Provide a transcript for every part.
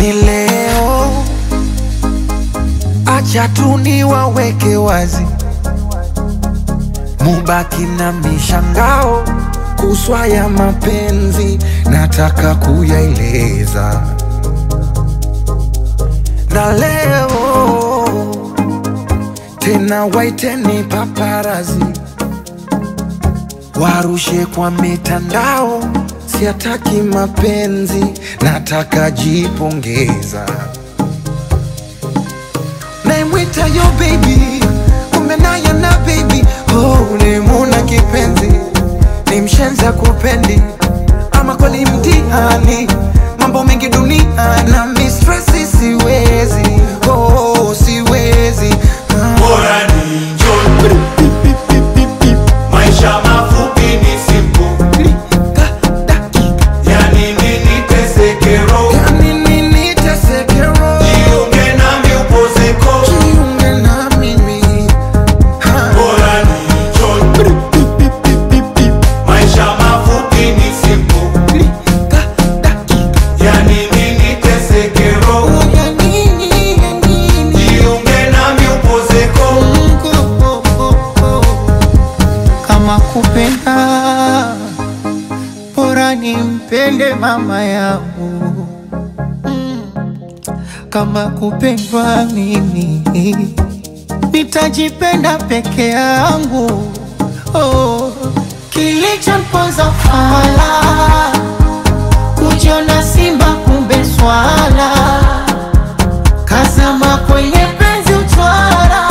Ni leo, acha wazi, mubaki na mishangao kuswa ya mapenzi, nataka kuyaeleza za leo tena, waiteni paparazi warushe kwa mitandao, siataki mapenzi, nataka jipongeza. Naimwita yo baby, umenaya na baby, oh, nimuna kipenzi, ni mshenza kupendi, ama kweli mtihani, mambo mengi dunia na nimpende mama yangu kama kupendwa mimi nitajipenda peke yangu. Oh, kilichoponza fala kujiona simba kumbe swala, kazama kwenye penzi uchwara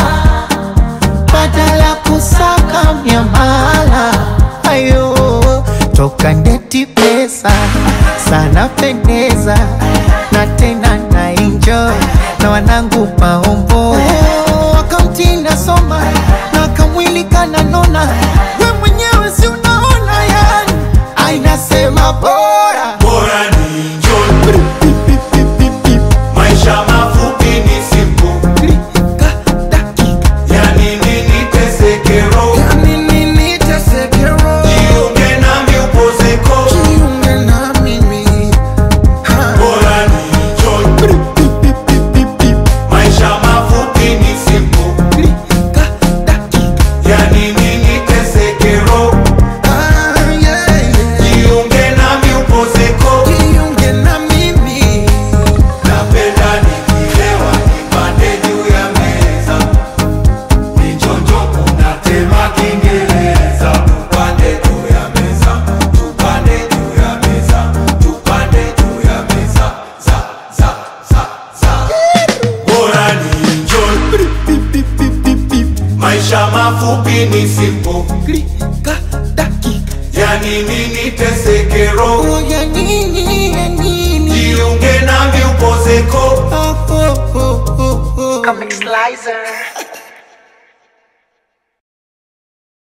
badala kusaka myamala Kandeti pesa sana pendeza na tena na enjoy na wanangu maombo wakamti nasoma na kamwili kananona, we mwenyewe si unaona, yani ainasema boy maisha mafupi nisipo klika dakika nini niteseke jiunge nami upozeko oh, oh, oh,